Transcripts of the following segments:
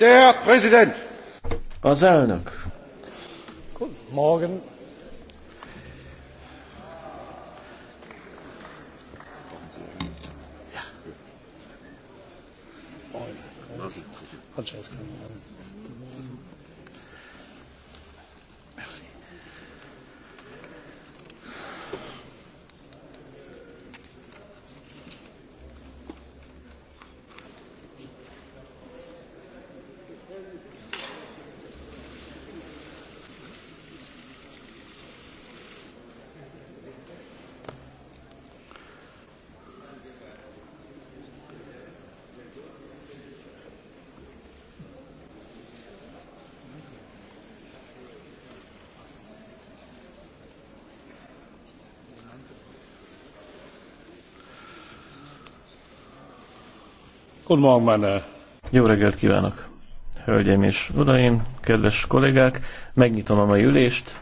Der Präsident! Az elnök. Guten Morgen. Francesca. Good morning, meine. Uh. Jó reggelt kívánok, hölgyeim és uraim, kedves kollégák. Megnyitom a mai ülést.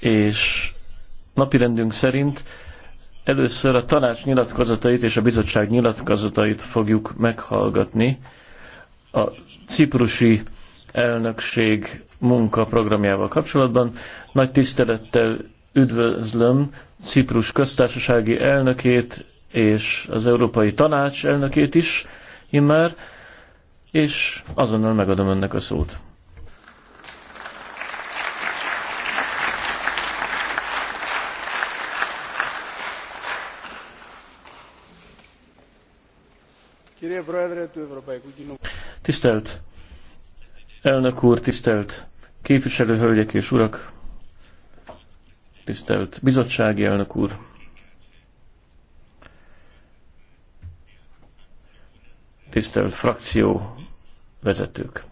És napirendünk szerint először a tanács nyilatkozatait és a bizottság nyilatkozatait fogjuk meghallgatni a ciprusi elnökség munkaprogramjával kapcsolatban. Nagy tisztelettel üdvözlöm Ciprus köztársasági elnökét és az Európai Tanács elnökét is immár, és azonnal megadom önnek a szót. Tisztelt elnök úr, tisztelt képviselőhölgyek és urak! tisztelt bizottsági elnök úr! Tisztelt frakció vezetők!